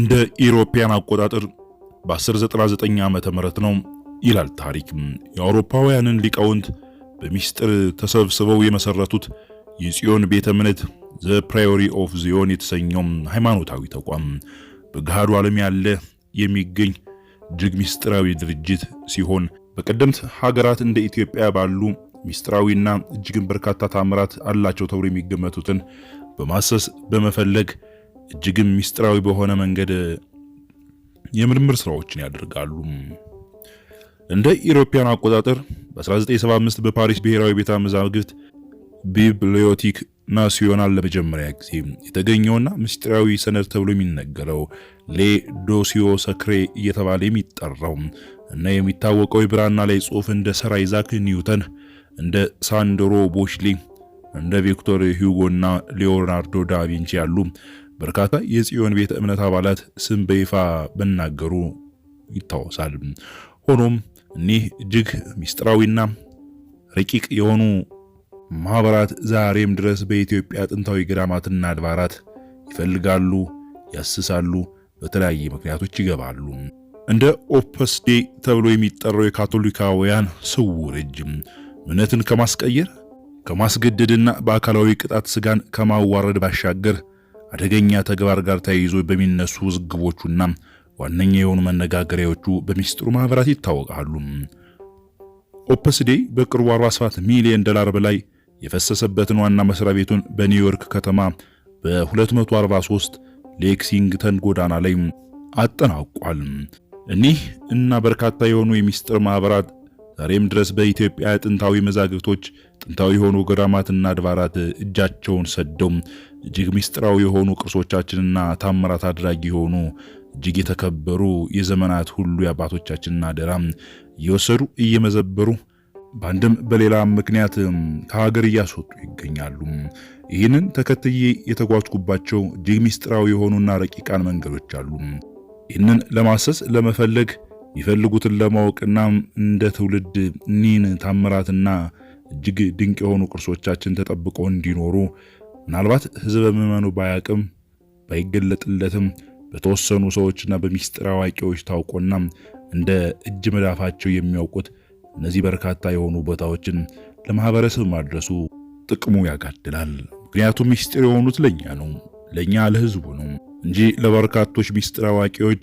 እንደ ኢሮፓያን አቆጣጠር በ1099 ዓመተ ምህረት ነው ይላል ታሪክ። የአውሮፓውያንን ሊቃውንት በሚስጥር ተሰብስበው የመሰረቱት የጽዮን ቤተ እምነት ዘ ፕራዮሪ ኦፍ ዚዮን የተሰኘው ሃይማኖታዊ ተቋም በገሃዱ ዓለም ያለ የሚገኝ እጅግ ሚስጥራዊ ድርጅት ሲሆን በቀደምት ሀገራት እንደ ኢትዮጵያ ባሉ ሚስጥራዊና እጅግን በርካታ ታምራት አላቸው ተብሎ የሚገመቱትን በማሰስ በመፈለግ እጅግም ሚስጥራዊ በሆነ መንገድ የምርምር ስራዎችን ያደርጋሉ። እንደ ኢሮፓያን አቆጣጠር በ1975 በፓሪስ ብሔራዊ ቤተ መዛግብት ቢብሊዮቲክ ናሲዮናል ለመጀመሪያ ጊዜ የተገኘውና ምስጢራዊ ሰነድ ተብሎ የሚነገረው ሌ ዶሲዮ ሰክሬ እየተባለ የሚጠራው እና የሚታወቀው የብራና ላይ ጽሑፍ እንደ ሰር አይዛክ ኒውተን፣ እንደ ሳንድሮ ቦሽሊ፣ እንደ ቪክቶር ሂዩጎ እና ዳቪንቺ ያሉ በርካታ የጽዮን ቤተ እምነት አባላት ስም በይፋ መናገሩ ይታወሳል። ሆኖም እኒህ እጅግ ሚስጥራዊና ረቂቅ የሆኑ ማህበራት ዛሬም ድረስ በኢትዮጵያ ጥንታዊ ገዳማትና አድባራት ይፈልጋሉ፣ ያስሳሉ፣ በተለያየ ምክንያቶች ይገባሉ። እንደ ኦፐስ ዴ ተብሎ የሚጠራው የካቶሊካውያን ስውር እጅ እምነትን ከማስቀየር ከማስገደድና በአካላዊ ቅጣት ስጋን ከማዋረድ ባሻገር አደገኛ ተግባር ጋር ተያይዞ በሚነሱ ውዝግቦቹና ዋነኛ የሆኑ መነጋገሪያዎቹ በሚስጥሩ ማህበራት ይታወቃሉ። ኦፕስ በቅርቡ 47 ሚሊዮን ዶላር በላይ የፈሰሰበትን ዋና መስሪያ ቤቱን በኒውዮርክ ከተማ በ243 ሌክሲንግተን ጎዳና ላይ አጠናቋል። እኒህ እና በርካታ የሆኑ የሚስጥር ማህበራት ዛሬም ድረስ በኢትዮጵያ ጥንታዊ መዛግብቶች፣ ጥንታዊ የሆኑ ገዳማትና አድባራት እጃቸውን ሰደው እጅግ ምስጢራዊ የሆኑ ቅርሶቻችንና ታምራት አድራጊ የሆኑ እጅግ የተከበሩ የዘመናት ሁሉ የአባቶቻችንን አደራ እየወሰዱ እየመዘበሩ በአንድም በሌላ ምክንያት ከሀገር እያስወጡ ይገኛሉ። ይህንን ተከትዬ የተጓዝኩባቸው እጅግ ምስጢራዊ የሆኑና ረቂቃን መንገዶች አሉ። ይህንን ለማሰስ ለመፈለግ የሚፈልጉትን ለማወቅና እንደ ትውልድ እኒህን ታምራትና እጅግ ድንቅ የሆኑ ቅርሶቻችን ተጠብቀው እንዲኖሩ ምናልባት ህዝበ ምዕመኑ ባያቅም ባይገለጥለትም በተወሰኑ ሰዎችና በሚስጥር አዋቂዎች ታውቆና እንደ እጅ መዳፋቸው የሚያውቁት እነዚህ በርካታ የሆኑ ቦታዎችን ለማህበረሰብ ማድረሱ ጥቅሙ ያጋድላል። ምክንያቱም ሚስጢር የሆኑት ለእኛ ነው፣ ለእኛ ለህዝቡ ነው እንጂ ለበርካቶች ሚስጥር አዋቂዎች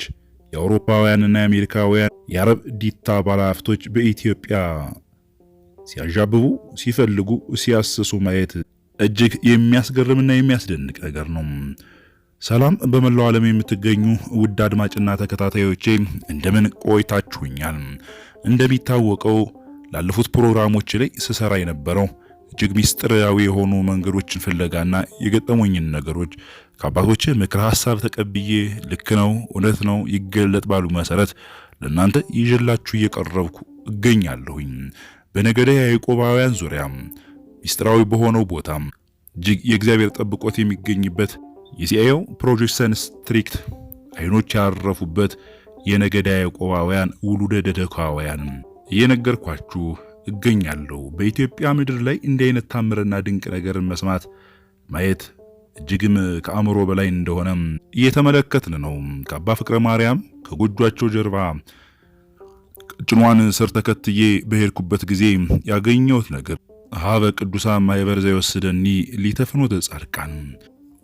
የአውሮፓውያንና የአሜሪካውያን የአረብ ዲታ ባለሀብቶች በኢትዮጵያ ሲያዣብቡ፣ ሲፈልጉ፣ ሲያስሱ ማየት እጅግ የሚያስገርምና የሚያስደንቅ ነገር ነው። ሰላም በመላው ዓለም የምትገኙ ውድ አድማጭና ተከታታዮቼ እንደምን ቆይታችሁኛል? እንደሚታወቀው ላለፉት ፕሮግራሞች ላይ ስሰራ የነበረው እጅግ ሚስጥራዊ የሆኑ መንገዶችን ፍለጋና የገጠሙኝን ነገሮች ከአባቶች ምክረ ሀሳብ ተቀብዬ ልክ ነው እውነት ነው ይገለጥ ባሉ መሰረት ለእናንተ ይዤላችሁ እየቀረብኩ እገኛለሁኝ። በነገደ ያዕቆባውያን ዙሪያ ሚስጥራዊ በሆነው ቦታ እጅግ የእግዚአብሔር ጠብቆት የሚገኝበት የሲአይኤው ፕሮጀክሽን ስትሪክት አይኖች ያረፉበት የነገዳ ያዕቆባውያን ውሉደ ደደካውያን እየነገርኳችሁ እገኛለሁ። በኢትዮጵያ ምድር ላይ እንዲህ አይነት ታምርና ድንቅ ነገርን መስማት ማየት እጅግም ከአእምሮ በላይ እንደሆነ እየተመለከትን ነው። ከአባ ፍቅረ ማርያም ከጎጇቸው ጀርባ ጭኗን ስር ተከትዬ በሄድኩበት ጊዜ ያገኘሁት ነገር ሀበ ቅዱሳን ማኅበር ዘወስደኒ ሊተፍኖተ ጻድቃን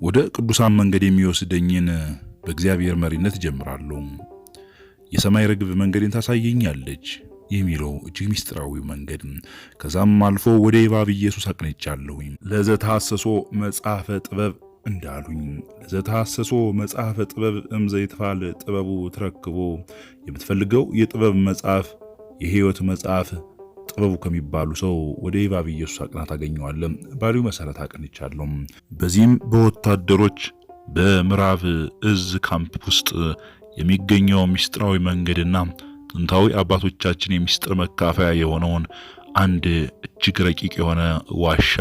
ወደ ቅዱሳን መንገድ የሚወስደኝን በእግዚአብሔር መሪነት ጀምራለሁ። የሰማይ ርግብ መንገድን ታሳየኛለች የሚለው እጅግ ምስጢራዊ መንገድ ከዛም አልፎ ወደ እባብ ኢየሱስ አቅንቻለሁ። ለዘታሰሶ መጽሐፈ ጥበብ እንዳሉኝ ለዘታሰሶ መጽሐፈ ጥበብ እምዘ ይትፋል ጥበቡ ትረክቦ የምትፈልገው የጥበብ መጽሐፍ የህይወት መጽሐፍ ጥበቡ ከሚባሉ ሰው ወደ እባብ ኢየሱስ አቅና ታገኘዋለህ። ባሪው መሰረት አቅንቻለሁ። በዚህም በወታደሮች በምዕራብ እዝ ካምፕ ውስጥ የሚገኘው ምስጢራዊ መንገድና ጥንታዊ አባቶቻችን የሚስጥር መካፈያ የሆነውን አንድ እጅግ ረቂቅ የሆነ ዋሻ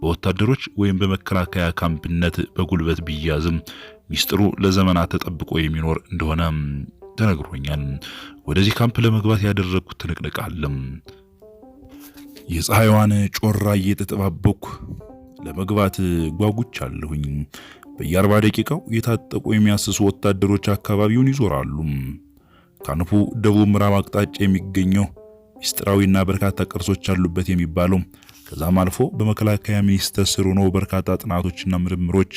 በወታደሮች ወይም በመከላከያ ካምፕነት በጉልበት ቢያዝም ሚስጥሩ ለዘመናት ተጠብቆ የሚኖር እንደሆነ ተነግሮኛል። ወደዚህ ካምፕ ለመግባት ያደረግኩት ትንቅንቅ አለም። የፀሐይዋን ጮራ እየተጠባበኩ ለመግባት ጓጉቻለሁኝ። በየአርባ ደቂቃው የታጠቁ የሚያስሱ ወታደሮች አካባቢውን ይዞራሉ። ካንፉ ደቡብ ምዕራብ አቅጣጫ የሚገኘው ሚስጥራዊና በርካታ ቅርሶች አሉበት የሚባለው ከዛም አልፎ በመከላከያ ሚኒስቴር ስር ሆኖ በርካታ ጥናቶችና ምርምሮች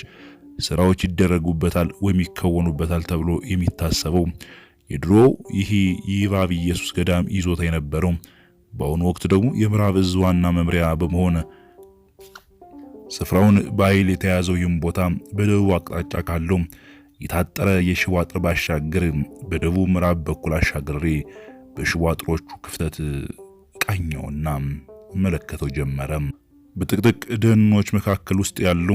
ስራዎች ይደረጉበታል ወይም ይከወኑበታል ተብሎ የሚታሰበው የድሮው ይህ ይባብ ኢየሱስ ገዳም ይዞታ የነበረው በአሁኑ ወቅት ደግሞ የምዕራብ እዝ ዋና መምሪያ በመሆን ስፍራውን በኃይል የተያዘው ይህም ቦታ በደቡብ አቅጣጫ ካለው የታጠረ የሽቦ አጥር ባሻገር በደቡብ ምዕራብ በኩል አሻገሬ በሽቦ አጥሮቹ ክፍተት ቃኘውና መለከተው ጀመረ። በጥቅጥቅ ደኖች መካከል ውስጥ ያሉ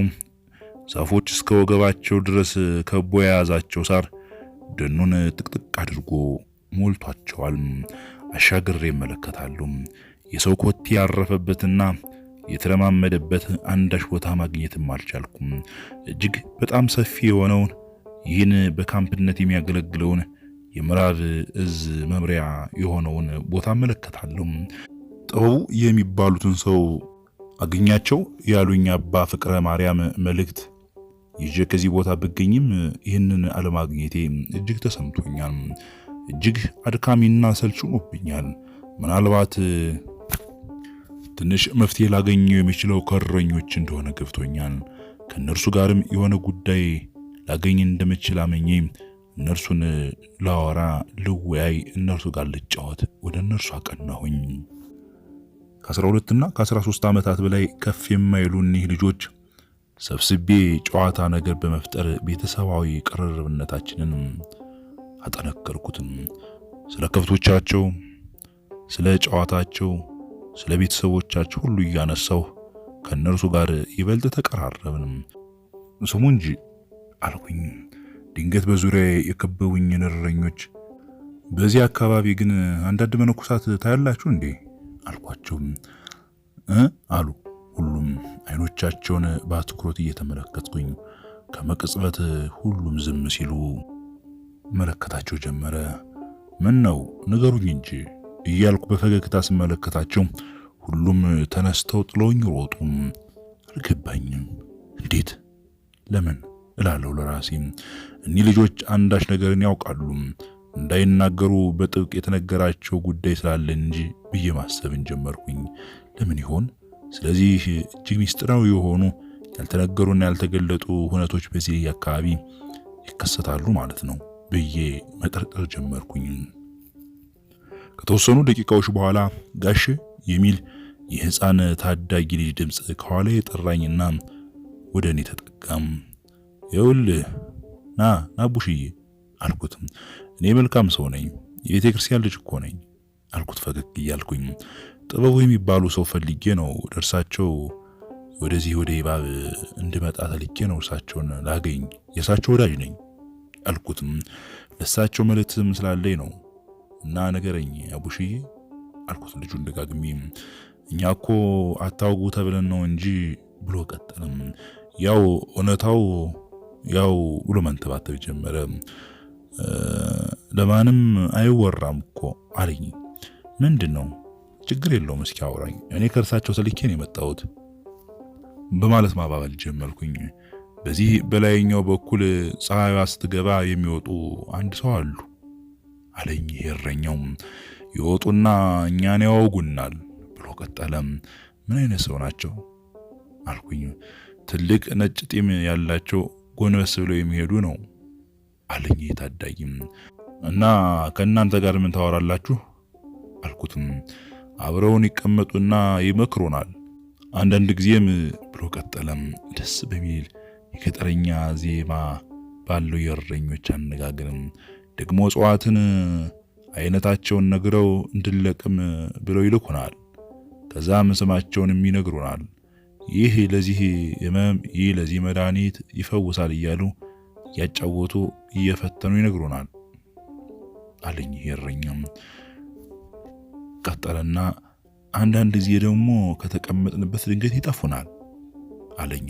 ዛፎች እስከ ወገባቸው ድረስ ከቦ የያዛቸው ሳር ደኑን ጥቅጥቅ አድርጎ ሞልቷቸዋል። አሻግሬ እመለከታለሁ። የሰው ኮቴ ያረፈበትና የተለማመደበት አንዳች ቦታ ማግኘትም አልቻልኩም። እጅግ በጣም ሰፊ የሆነውን ይህን በካምፕነት የሚያገለግለውን የምዕራብ እዝ መምሪያ የሆነውን ቦታ እመለከታለሁ። ጠው የሚባሉትን ሰው አገኛቸው ያሉኝ አባ ፍቅረ ማርያም መልእክት ይዤ ከዚህ ቦታ ብገኝም ይህንን አለማግኘቴ እጅግ ተሰምቶኛል። እጅግ አድካሚና ሰልች ሆኖብኛል። ምናልባት ትንሽ መፍትሄ ላገኘው የሚችለው ከእረኞች እንደሆነ ገብቶኛል። ከእነርሱ ጋርም የሆነ ጉዳይ ላገኝ እንደምችል አመኜ እነርሱን ላወራ፣ ልወያይ፣ እነርሱ ጋር ልጫወት ወደ እነርሱ አቀናሁኝ። ከ12 እና ከ13 ዓመታት በላይ ከፍ የማይሉ እኒህ ልጆች ሰብስቤ ጨዋታ ነገር በመፍጠር ቤተሰባዊ ቅርርብነታችንን አጠነከርኩትም። ስለ ከብቶቻቸው፣ ስለ ጨዋታቸው፣ ስለ ቤተሰቦቻቸው ሁሉ እያነሳሁ ከእነርሱ ጋር ይበልጥ ተቀራረብንም። ስሙ እንጂ አልኩኝ። ድንገት በዙሪያ የከበቡኝ እረኞች በዚህ አካባቢ ግን አንዳንድ መነኮሳት ታያላችሁ እንዴ አልኳቸው። እ አሉ ሁሉም አይኖቻቸውን በአትኩሮት እየተመለከትኩኝ ከመቅጽበት ሁሉም ዝም ሲሉ መለከታቸው ጀመረ። ምን ነው ንገሩኝ እንጂ እያልኩ በፈገግታ ስመለከታቸው ሁሉም ተነስተው ጥለውኝ ሮጡ። አልገባኝም። እንዴት ለምን እላለሁ ለራሴ። እኒህ ልጆች አንዳች ነገርን ያውቃሉ እንዳይናገሩ በጥብቅ የተነገራቸው ጉዳይ ስላለ እንጂ ብዬ ማሰብን ጀመርኩኝ። ለምን ይሆን? ስለዚህ እጅግ ሚስጥራዊ የሆኑ ያልተነገሩና ያልተገለጡ ሁነቶች በዚህ አካባቢ ይከሰታሉ ማለት ነው። ብዬ መጠርጠር ጀመርኩኝ። ከተወሰኑ ደቂቃዎች በኋላ ጋሽ የሚል የህፃን ታዳጊ ልጅ ድምፅ ከኋላ የጠራኝና ወደ እኔ ተጠጋም። ይኸውልህ ና ናቡሽዬ አልኩት። እኔ መልካም ሰው ነኝ፣ የቤተ ክርስቲያን ልጅ እኮ ነኝ አልኩት ፈገግ እያልኩኝ። ጥበቡ የሚባሉ ሰው ፈልጌ ነው ደርሳቸው ወደዚህ ወደ ባብ እንድመጣ ተልኬ ነው እርሳቸውን ላገኝ፣ የእሳቸው ወዳጅ ነኝ አልኩትም። ለሳቸው መልእክትም ስላለኝ ነው እና ነገረኝ አቡሽዬ አልኩት ልጁን ደጋግሜ። እኛ እኮ አታውጉ ተብለን ነው እንጂ ብሎ ቀጠለም። ያው እውነታው ያው ብሎ መንተባተብ ጀመረ። ለማንም አይወራም እኮ አለኝ። ምንድን ነው ችግር የለውም እስኪ አውራኝ፣ እኔ ከእርሳቸው ተልኬ ነው የመጣሁት በማለት ማባበል ጀመርኩኝ። በዚህ በላይኛው በኩል ፀሐይዋ ስትገባ የሚወጡ አንድ ሰው አሉ አለኝ። ይሄ እረኛውም ይወጡና እኛን ያወጉናል ብሎ ቀጠለም። ምን አይነት ሰው ናቸው አልኩኝ። ትልቅ ነጭ ጢም ያላቸው ጎንበስ ብለው የሚሄዱ ነው አለኝ። ታዳጊም እና ከእናንተ ጋር ምን ታወራላችሁ አልኩትም። አብረውን ይቀመጡና ይመክሩናል አንዳንድ ጊዜም ብሎ ቀጠለም። ደስ በሚል የገጠረኛ ዜማ ባለው የእረኞች አነጋገርም ደግሞ እጽዋትን አይነታቸውን ነግረው እንድለቅም ብለው ይልኩናል። ከዛም ስማቸውንም ይነግሩናል። ይህ ለዚህ ህመም፣ ይህ ለዚህ መድኃኒት ይፈውሳል እያሉ እያጫወቱ እየፈተኑ ይነግሩናል አለኝ። የእረኛም ቀጠለና አንዳንድ ጊዜ ደግሞ ከተቀመጥንበት ድንገት ይጠፉናል አለኝ።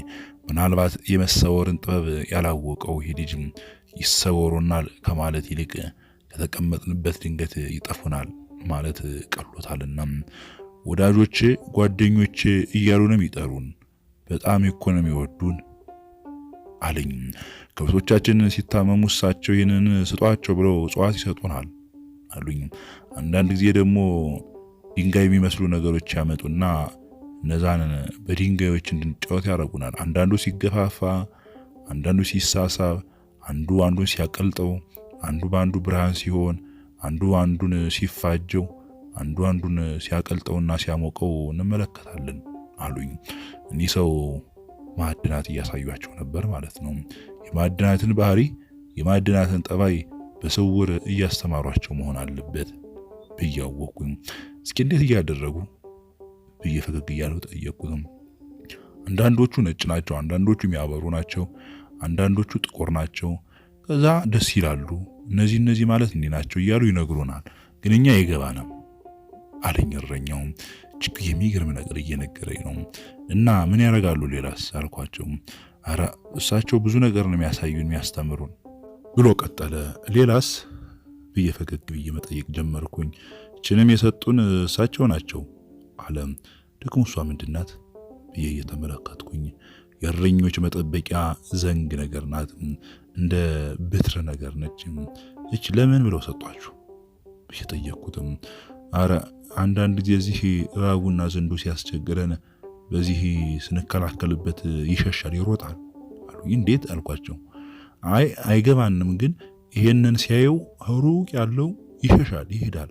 ምናልባት የመሰወርን ጥበብ ያላወቀው ይሄ ልጅ ይሰወሩናል ከማለት ይልቅ ከተቀመጥንበት ድንገት ይጠፉናል ማለት ቀሎታልና ወዳጆች፣ ጓደኞች እያሉ ነው የሚጠሩን። በጣም እኮ ነው የሚወዱን አለኝ። ከብቶቻችን ሲታመሙ እሳቸው ይህንን ስጧቸው ብለው እጽዋት ይሰጡናል አሉኝ። አንዳንድ ጊዜ ደግሞ ድንጋይ የሚመስሉ ነገሮች ያመጡና እነዛን በድንጋዮች እንድንጫወት ያደርጉናል። አንዳንዱ ሲገፋፋ፣ አንዳንዱ ሲሳሳብ፣ አንዱ አንዱን ሲያቀልጠው፣ አንዱ በአንዱ ብርሃን ሲሆን፣ አንዱ አንዱን ሲፋጀው፣ አንዱ አንዱን ሲያቀልጠውና ሲያሞቀው እንመለከታለን አሉኝ። እኒህ ሰው ማዕድናት እያሳዩቸው ነበር ማለት ነው። የማዕድናትን ባህሪ የማዕድናትን ጠባይ በስውር እያስተማሯቸው መሆን አለበት ብያወቁኝ። እስኪ እንዴት እያደረጉ እየፈገግ እያሉ ጠየቁትም። አንዳንዶቹ ነጭ ናቸው፣ አንዳንዶቹ የሚያበሩ ናቸው፣ አንዳንዶቹ ጥቁር ናቸው። ከዛ ደስ ይላሉ። እነዚህ እነዚህ ማለት እንዲህ ናቸው እያሉ ይነግሩናል። ግን እኛ ነው አለኝ እረኛውም። እጅግ የሚገርም ነገር እየነገረኝ ነው። እና ምን ያደርጋሉ ሌላስ አልኳቸው። አረ እሳቸው ብዙ ነገር ነው የሚያሳዩን የሚያስተምሩን ብሎ ቀጠለ። ሌላስ ብዬ ፈገግ ብዬ መጠየቅ ጀመርኩኝ። ችንም የሰጡን እሳቸው ናቸው አለም ደግሞ እሷ ምንድን ናት ብዬ እየተመለከትኩኝ የእረኞች መጠበቂያ ዘንግ ነገር ናት፣ እንደ ብትር ነገር ነች። እች ለምን ብለው ሰጧችሁ እየጠየቅኩትም አረ አንዳንድ ጊዜ እዚህ እባቡና ዘንዱ ሲያስቸግረን በዚህ ስንከላከልበት ይሸሻል፣ ይሮጣል አሉ። እንዴት አልኳቸው። አይ አይገባንም፣ ግን ይሄንን ሲያየው ሩቅ ያለው ይሸሻል፣ ይሄዳል፣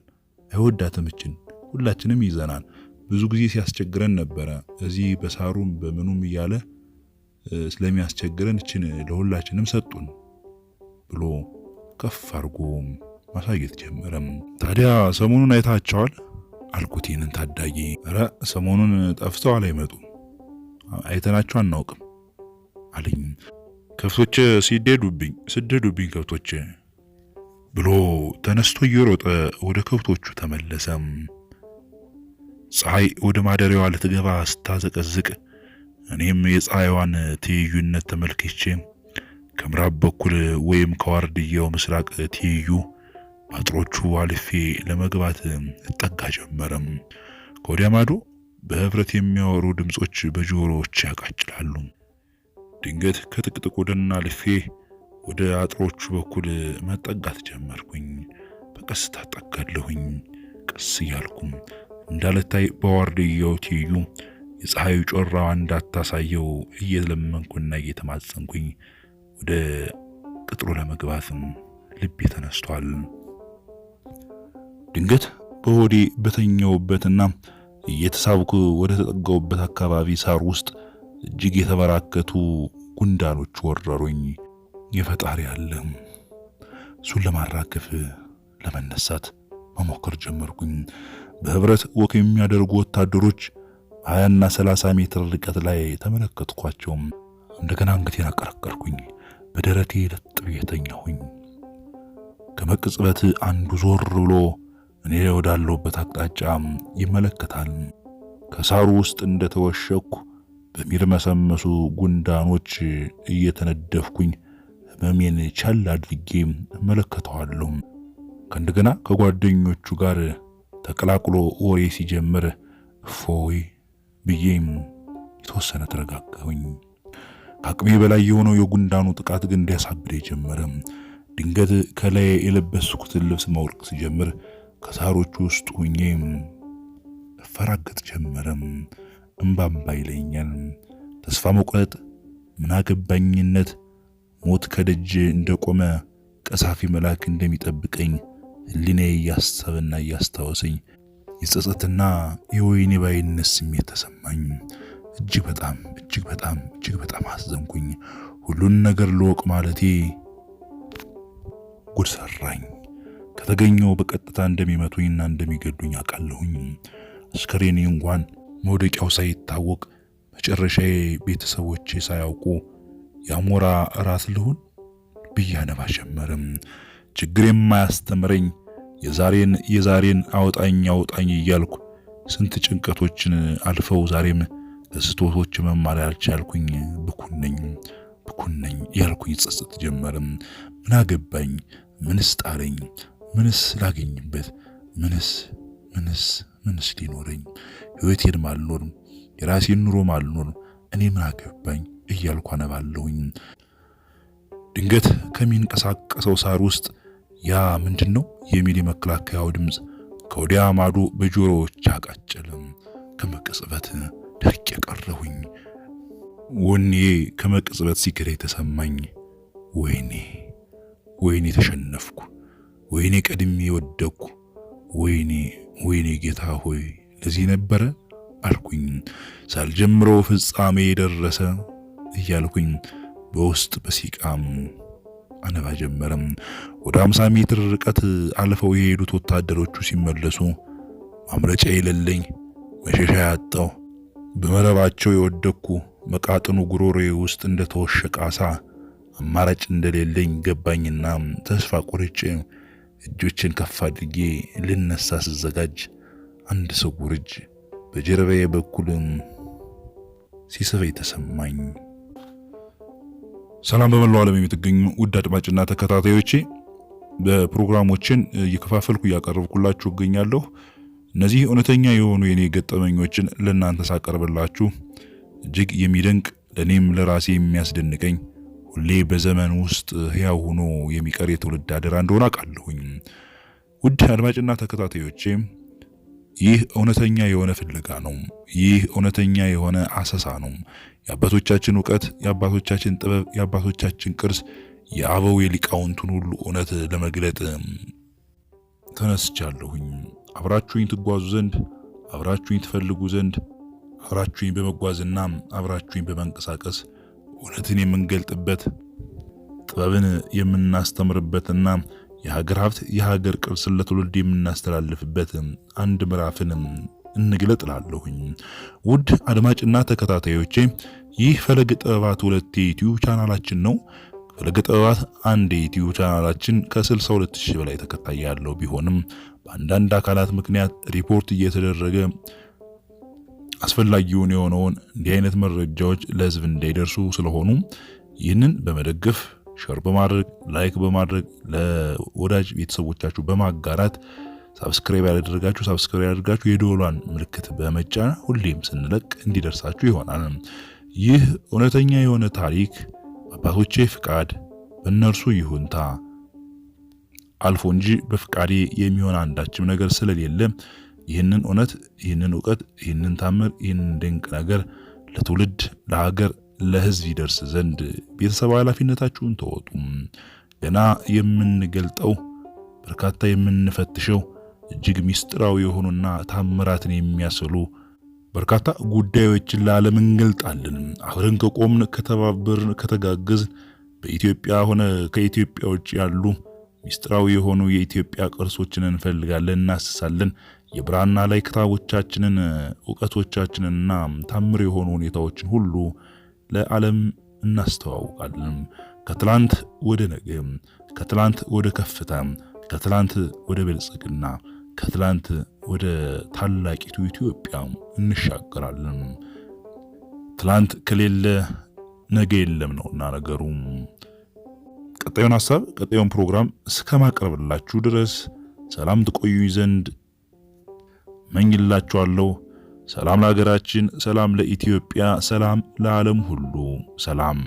አይወዳትም። እችን ሁላችንም ይዘናል ብዙ ጊዜ ሲያስቸግረን ነበረ። እዚህ በሳሩም በምኑም እያለ ስለሚያስቸግረን እችን ለሁላችንም ሰጡን ብሎ ከፍ አድርጎ ማሳየት ጀመረም። ታዲያ ሰሞኑን አይታቸዋል አልኩት ይህንን ታዳጊ። ረ ሰሞኑን ጠፍተዋል፣ አይመጡም፣ አይተናቸው አናውቅም አለኝ። ከብቶች ሲደዱብኝ ስደዱብኝ ከብቶች ብሎ ተነስቶ እየሮጠ ወደ ከብቶቹ ተመለሰም። ፀሐይ ወደ ማደሪያዋ ልትገባ ስታዘቀዝቅ እኔም የፀሐይዋን ትይዩነት ተመልክቼ ከምዕራብ በኩል ወይም ከዋርድያው ምስራቅ ትይዩ አጥሮቹ አልፌ ለመግባት እጠጋ ጀመረም። ከወዲያ ማዶ በህብረት የሚያወሩ ድምፆች በጆሮዎች ያቃጭላሉ። ድንገት ከጥቅጥቁ ደን አልፌ ወደ አጥሮቹ በኩል መጠጋት ጀመርኩኝ። በቀስታ ጠጋለሁኝ። ቀስ እያልኩም እንዳልታይ በዋርድያው ትይዩ የፀሐዩ ጮራዋ እንዳታሳየው እየለመንኩና እየተማጸንኩኝ ወደ ቅጥሩ ለመግባትም ልቤ ተነስቷል። ድንገት በሆዴ በተኛውበትና እየተሳብኩ ወደ ተጠጋውበት አካባቢ ሳር ውስጥ እጅግ የተበራከቱ ጉንዳኖች ወረሩኝ። የፈጣሪ አለ እሱን ለማራገፍ ለመነሳት መሞከር ጀመርኩኝ። በህብረት ወክ የሚያደርጉ ወታደሮች ሀያና ሰላሳ ሜትር ርቀት ላይ ተመለከትኳቸውም። እንደገና አንገቴን አቀረቀርኩኝ፣ በደረቴ ለጥብ የተኛሁኝ ከመቅጽበት አንዱ ዞር ብሎ እኔ ወዳለሁበት አቅጣጫ ይመለከታል። ከሳሩ ውስጥ እንደተወሸኩ በሚርመሰመሱ ጉንዳኖች እየተነደፍኩኝ ህመሜን ቸል አድርጌ እመለከተዋለሁ። ከእንደገና ከጓደኞቹ ጋር ተቀላቅሎ ወሬ ሲጀምር እፎይ ብዬም የተወሰነ ተረጋጋሁኝ። ከአቅሜ በላይ የሆነው የጉንዳኑ ጥቃት ግን እንዲያሳብደ ጀመረ። ድንገት ከላይ የለበስኩትን ልብስ ማውልቅ ሲጀምር ከሳሮቹ ውስጥ ሁኜ እፈራገጥ ጀመረም። እምባምባ ይለኛል። ተስፋ መቁረጥ፣ ምናገባኝነት፣ ሞት ከደጅ እንደቆመ ቀሳፊ መልአክ እንደሚጠብቀኝ ሊኔ እያሰበና እያስታወሰኝ የጸጸትና የወይኔ ባይነት ስሜት ተሰማኝ። እጅግ በጣም እጅግ በጣም እጅግ በጣም አዘንኩኝ። ሁሉን ነገር ልወቅ ማለቴ ጉድ ሰራኝ። ከተገኘው በቀጥታ እንደሚመቱኝና እንደሚገዱኝ አውቃለሁኝ። አስከሬኔ እንኳን መውደቂያው ሳይታወቅ መጨረሻዬ ቤተሰቦቼ ሳያውቁ የአሞራ ራስ ልሁን ብያነባ ጀመርም። ችግር የማያስተምረኝ የዛሬን የዛሬን አውጣኝ አውጣኝ እያልኩ ስንት ጭንቀቶችን አልፈው ዛሬም ለስቶቶች መማር ያልቻልኩኝ ብኩን ነኝ ብኩን ያልኩኝ ጸጸት ጀመርም። ምን አገባኝ? ምንስ ጣረኝ? ምንስ ላገኝበት? ምንስ ምንስ ምንስ ሊኖረኝ? ህይወቴን ማልኖር የራሴን ኑሮ ማልኖር እኔ ምን አገባኝ እያልኳ ነባለሁኝ። ድንገት ከሚንቀሳቀሰው ሳር ውስጥ ያ ምንድን ነው የሚል የመከላከያው ድምፅ ከወዲያ ማዶ በጆሮዎች አቃጨለም። ከመቅጽበት ደርቅ ቀረሁኝ ወኔ ከመቅጽበት ሲገር የተሰማኝ ወይኔ ወይኔ ተሸነፍኩ፣ ወይኔ ቀድሜ ወደቅኩ፣ ወይኔ ወይኔ ጌታ ሆይ ለዚህ ነበረ አልኩኝ። ሳልጀምረው ፍጻሜ ደረሰ እያልኩኝ በውስጥ በሲቃም አነባ ጀመረም። ወደ 50 ሜትር ርቀት አልፈው የሄዱት ወታደሮቹ ሲመለሱ ማምለጫ የሌለኝ መሸሻ ያጣው በመረባቸው የወደኩ መቃጥኑ ጉሮሮዬ ውስጥ እንደተወሸቀ አሳ አማራጭ እንደሌለኝ ገባኝና ተስፋ ቆርጬ እጆችን ከፍ አድርጌ ልነሳ ስዘጋጅ አንድ ስውር እጅ በጀርባዬ በኩል ሲስበኝ ተሰማኝ። ሰላም በመላው ዓለም የምትገኙ ውድ አድማጭና ተከታታዮቼ በፕሮግራሞችን እየከፋፈልኩ እያቀረብኩላችሁ እገኛለሁ። እነዚህ እውነተኛ የሆኑ የኔ ገጠመኞችን ለእናንተ ሳቀርብላችሁ እጅግ የሚደንቅ ለእኔም ለራሴ የሚያስደንቀኝ ሁሌ በዘመን ውስጥ ሕያው ሆኖ የሚቀር የትውልድ አደራ እንደሆነ አውቃለሁኝ። ውድ አድማጭና ተከታታዮቼ ይህ እውነተኛ የሆነ ፍለጋ ነው። ይህ እውነተኛ የሆነ አሰሳ ነው። የአባቶቻችን እውቀት፣ የአባቶቻችን ጥበብ፣ የአባቶቻችን ቅርስ፣ የአበው የሊቃውንቱን ሁሉ እውነት ለመግለጥ ተነስቻለሁኝ። አብራችሁኝ ትጓዙ ዘንድ፣ አብራችሁኝ ትፈልጉ ዘንድ፣ አብራችሁኝ በመጓዝና አብራችሁኝ በመንቀሳቀስ እውነትን የምንገልጥበት ጥበብን የምናስተምርበትና የሀገር ሀብት የሀገር ቅርስን ለትውልድ የምናስተላልፍበት አንድ ምዕራፍንም እንግለጥ ውድ አድማጭና ተከታታዮቼ ይህ ፈለገ ጥበባት ሁለት የዩትዩብ ቻናላችን ነው። ፈለገ ጥበባት አንድ የዩትዩብ ቻናላችን ከ62000 በላይ ተከታይ ያለው ቢሆንም በአንዳንድ አካላት ምክንያት ሪፖርት እየተደረገ አስፈላጊውን የሆነውን እንዲህ አይነት መረጃዎች ለህዝብ እንዳይደርሱ ስለሆኑ ይህንን በመደገፍ ሸር በማድረግ ላይክ በማድረግ ለወዳጅ ቤተሰቦቻችሁ በማጋራት ሳብስክራይብ ያደረጋችሁ ሳብስክራይብ ያደርጋችሁ የዶሏን ምልክት በመጫን ሁሌም ስንለቅ እንዲደርሳችሁ ይሆናል። ይህ እውነተኛ የሆነ ታሪክ አባቶቼ ፍቃድ በእነርሱ ይሁንታ አልፎ እንጂ በፍቃዴ የሚሆን አንዳችም ነገር ስለሌለ ይህንን እውነት፣ ይህንን እውቀት፣ ይህንን ታምር፣ ይህንን ድንቅ ነገር ለትውልድ ለሀገር ለህዝብ ይደርስ ዘንድ ቤተሰብ ኃላፊነታችሁን ተወጡ። ገና የምንገልጠው በርካታ የምንፈትሸው እጅግ ሚስጥራዊ የሆኑና ታምራትን የሚያስሉ በርካታ ጉዳዮችን ለዓለም እንገልጣለን። አብረን ከቆምን፣ ከተባበርን፣ ከተጋገዝን በኢትዮጵያ ሆነ ከኢትዮጵያ ውጭ ያሉ ሚስጥራዊ የሆኑ የኢትዮጵያ ቅርሶችን እንፈልጋለን፣ እናስሳለን። የብራና ላይ ክታቦቻችንን፣ እውቀቶቻችንንና ታምር የሆኑ ሁኔታዎችን ሁሉ ለዓለም እናስተዋውቃለን። ከትላንት ወደ ነገ፣ ከትላንት ወደ ከፍታ፣ ከትላንት ወደ ብልጽግና፣ ከትላንት ወደ ታላቂቱ ኢትዮጵያ እንሻገራለን። ትላንት ከሌለ ነገ የለም ነውና ነገሩ። ቀጣዩን ሀሳብ ቀጣዩን ፕሮግራም ማቅረብላችሁ ድረስ ሰላም ትቆዩ ዘንድ መኝላችኋለሁ። ሰላም ለሀገራችን፣ ሰላም ለኢትዮጵያ፣ ሰላም ለዓለም ሁሉ ሰላም